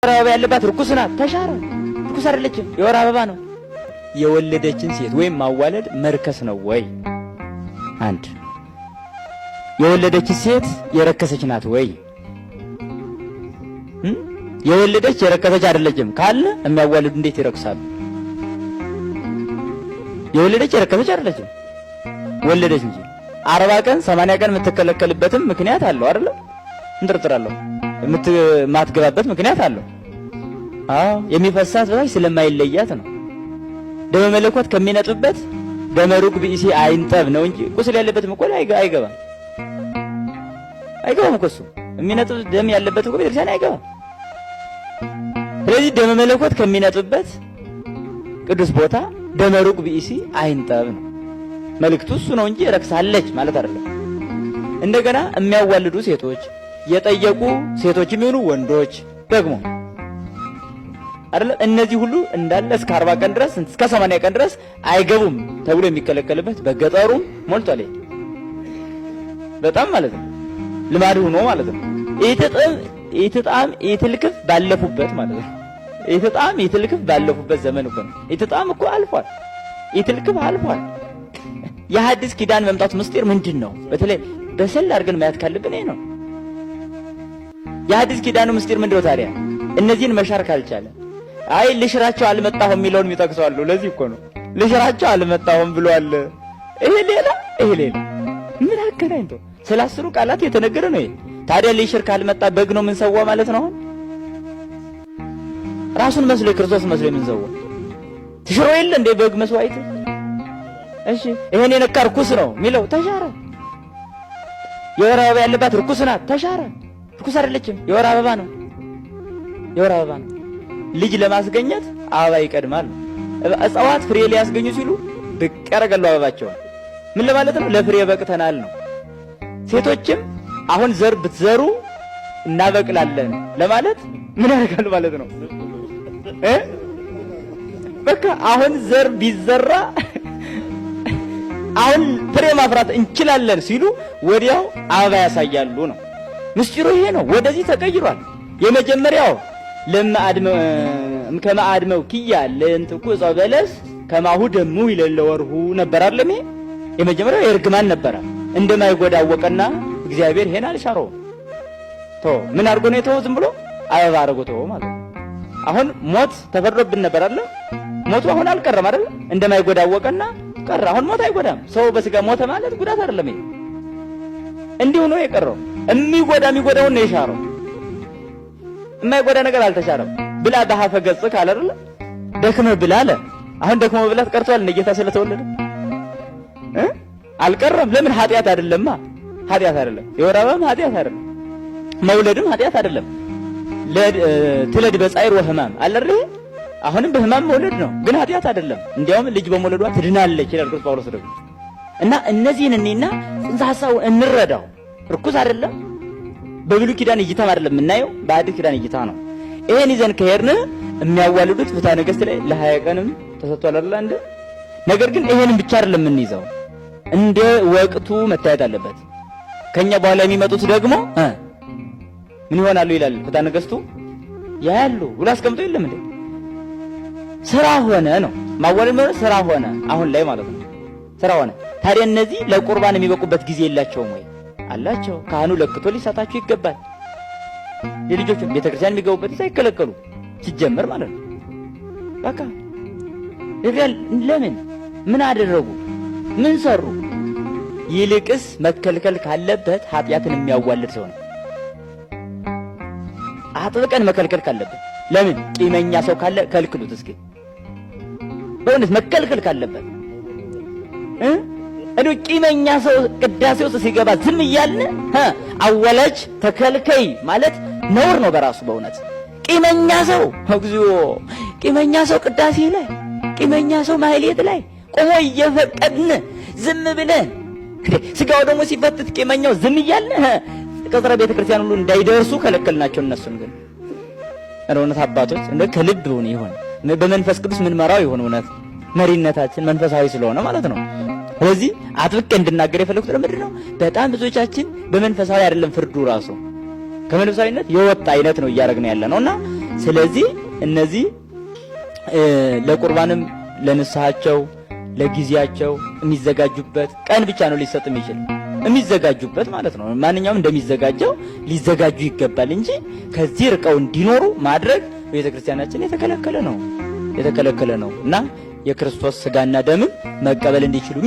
የወር አበባ ያለባት ርኩስ ናት። ተሻረ። ርኩስ አይደለችም፣ የወር አበባ ነው። የወለደችን ሴት ወይም ማዋለድ መርከስ ነው ወይ? አንድ የወለደች ሴት የረከሰች ናት ወይ? የወለደች የረከሰች አይደለችም ካለ የሚያዋልዱ እንዴት ይረክሳሉ? የወለደች የረከሰች አይደለችም፣ ወለደች እንጂ። አርባ ቀን ሰማንያ ቀን የምትከለከልበትም ምክንያት አለው አይደለም? እንጠርጥራለሁ የማትገባበት ምክንያት አለው። አዎ የሚፈሳት በታች ስለማይለያት ነው። ደመ መለኮት ከሚነጥብበት ደመ ሩቅ ብእሲ አይንጠብ ነው እንጂ ቁስል ያለበትም እኮ አይገባም አይገባም እኮ እሱ የሚነጥብ ደም ያለበት እኮ ቤተክርስቲያን አይገባም። ስለዚህ ደመ መለኮት ከሚነጥብበት ቅዱስ ቦታ ደመ ሩቅ ብእሲ አይንጠብ ነው መልእክቱ እሱ ነው እንጂ ረክሳለች ማለት አይደለም። እንደገና የሚያዋልዱ ሴቶች የጠየቁ ሴቶችም ይሁኑ ወንዶች ደግሞ አይደለ እነዚህ ሁሉ እንዳለ እስከ 40 ቀን ድረስ እስከ 80 ቀን ድረስ አይገቡም ተብሎ የሚከለከልበት በገጠሩም ሞልቷል። በጣም ማለት ነው ልማድ ሆኖ ማለት ነው። ኢትጥም ኢትጣም ኢትልክፍ ባለፉበት ማለት ነው። ኢትጣም ኢትልክፍ ባለፉበት ዘመን እኮ ነው። ኢትጣም እኮ አልፏል። ኢትልክፍ አልፏል። የሐዲስ ኪዳን መምጣት ምስጢር ምንድን ነው? በተለይ በሰል አድርገን ማየት ካለብን ይሄ ነው። የአዲስ ኪዳኑ ምስጢር ምንድነው ታዲያ? እነዚህን መሻር ካልቻለ አይ ልሽራቸው አልመጣሁም የሚለውን ይጠቅሰዋሉ። ለዚህ እኮ ነው ልሽራቸው አልመጣሁም ብሏል። ይሄ ሌላ ይሄ ሌላ ምን አገናኝቶ? ስለ አስሩ ቃላት የተነገረ ነው ታዲያ ልሽር ካልመጣ በግ ነው የምንሰዋ ማለት ነው። አሁን ራሱን መስሎ ክርስቶስ መስሎ የምንሰዋ ትሽሮ የለ እንደ በግ መስዋዕት። እሺ ይሄን የነካ ርኩስ ነው የሚለው ተሻረ። የወር አበባ ያለባት ርኩስ ናት ተሻረ። ትኩስ አይደለችም። የወር አበባ ነው፣ የወር አበባ ነው። ልጅ ለማስገኘት አበባ ይቀድማል። እጽዋት ፍሬ ሊያስገኙ ሲሉ ብቅ ያደርጋሉ አበባቸውን። ምን ለማለት ነው? ለፍሬ በቅተናል ነው። ሴቶችም አሁን ዘር ብትዘሩ እናበቅላለን ለማለት ምን ያደርጋሉ ማለት ነው። በቃ አሁን ዘር ቢዘራ አሁን ፍሬ ማፍራት እንችላለን ሲሉ ወዲያው አበባ ያሳያሉ ነው። ምስጢሩ ይሄ ነው። ወደዚህ ተቀይሯል። የመጀመሪያው ለማአድመ ከማአድመው ኪያ ለእንጥቁ ዕፀ በለስ ከማሁ ደሙ ይለለ ወርሁ ነበር አይደለም። ይሄ የመጀመሪያው የእርግማን ነበረ። እንደማይጎዳ አወቀና እግዚአብሔር ይሄን አልሻረውም። ቶ ምን አድርጎ ነው የተወው? ዝም ብሎ አበባ አድርጎ ተወው ማለት ነው። አሁን ሞት ተፈርዶብን ነበር አይደል? ሞቱ አሁን አልቀረም አይደል? እንደማይጎዳ አወቀና ቀረ። አሁን ሞት አይጎዳም። ሰው በስጋ ሞተ ማለት ጉዳት አይደለም። ይሄ እንዲሁ ነው የቀረው። የሚጎዳ የሚጎዳውን ነው የሻረው። የማይጎዳ ነገር አልተሻረም። ብላ በሀፈ ገጽ ካለ አይደለ ደክመ ብላ አለ። አሁን ደክመ ብላት ቀርቷል እንደ ጌታ ስለተወለደ አልቀረም። ለምን ኃጢአት አይደለማ፣ ኃጢአት አይደለም። የወር አበባም ኃጢአት አይደለም። መውለድም ኃጢአት አይደለም። ትለድ በጻይር ወህማም አለ አሁንም በህማም መውለድ ነው፣ ግን ኃጢአት አይደለም። እንዲያውም ልጅ በመውለዷ ትድናለች ይላል ቅዱስ ጳውሎስ ደግሞ እና እነዚህን እኔና ጽንሰ ሐሳቡን እንረዳው። ርኩስ አይደለም። በብሉ ኪዳን እይታም አይደለም የምናየው፣ በአዲስ ኪዳን እይታ ነው። ይሄን ይዘን ከሄድን የሚያዋልዱት ፍትሐ ነገሥት ላይ ለሀያ ቀንም ተሰጥቷል አይደል እንደ ነገር ግን ይሄንን ብቻ አይደለም የምንይዘው፣ እንደ ወቅቱ መታየት አለበት። ከኛ በኋላ የሚመጡት ደግሞ ምን ይሆናሉ ይላል ፍትሐ ነገሥቱ። ያያሉ ብሎ አስቀምጦ የለም እንዴ ስራ ሆነ ነው ማዋለድ ማለት ስራ ሆነ፣ አሁን ላይ ማለት ነው ስራ ሆነ። ታዲያ እነዚህ ለቁርባን የሚበቁበት ጊዜ የላቸውም ወይ? አላቸው። ካህኑ ለክቶ ሊሰጣቸው ይገባል። የልጆቹ ቤተ ክርስቲያን የሚገቡበት ሳይከለከሉ ሲጀመር ማለት ነው። በቃ ለምን ምን አደረጉ? ምን ሰሩ? ይልቅስ መከልከል ካለበት ኃጢአትን የሚያዋልድ ሰው ነው። አጥብቀን መከልከል ካለበት ለምን ቂመኛ ሰው ካለ ከልክሉት። እስኪ በእውነት መከልከል ካለበት እንዲሁ ቂመኛ ሰው ቅዳሴ ውስጥ ሲገባ ዝም እያልን አወለች ተከልከይ ማለት ነውር ነው በራሱ በእውነት ቂመኛ ሰው እግዚኦ ቂመኛ ሰው ቅዳሴ ላይ ቂመኛ ሰው ማህሌት ላይ ቆሞ እየፈቀድን ዝም ብለን ስጋው ደግሞ ሲፈትት ቂመኛው ዝም እያልን ቅጥረ ቤተ ክርስቲያን ሁሉ እንዳይደርሱ ከለከልናቸው። እነሱን ግን እውነት አባቶች እንደ ከልብ ይሆን በመንፈስ ቅዱስ ምንመራው ይሆን እውነት መሪነታችን መንፈሳዊ ስለሆነ ማለት ነው። ስለዚህ አጥብቄ እንድናገር የፈለኩት ለምንድን ነው? በጣም ብዙዎቻችን በመንፈሳዊ አይደለም ፍርዱ ራሱ ከመንፈሳዊነት የወጣ አይነት ነው እያደረግን ያለ ነው እና ስለዚህ እነዚህ ለቁርባንም ለንስሐቸው ለጊዜያቸው የሚዘጋጁበት ቀን ብቻ ነው ሊሰጥ የሚችል የሚዘጋጁበት ማለት ነው። ማንኛውም እንደሚዘጋጀው ሊዘጋጁ ይገባል እንጂ ከዚህ ርቀው እንዲኖሩ ማድረግ ቤተክርስቲያናችን የተከለከለ ነው የተከለከለ ነው እና የክርስቶስ ስጋና ደምን መቀበል እንዲችሉ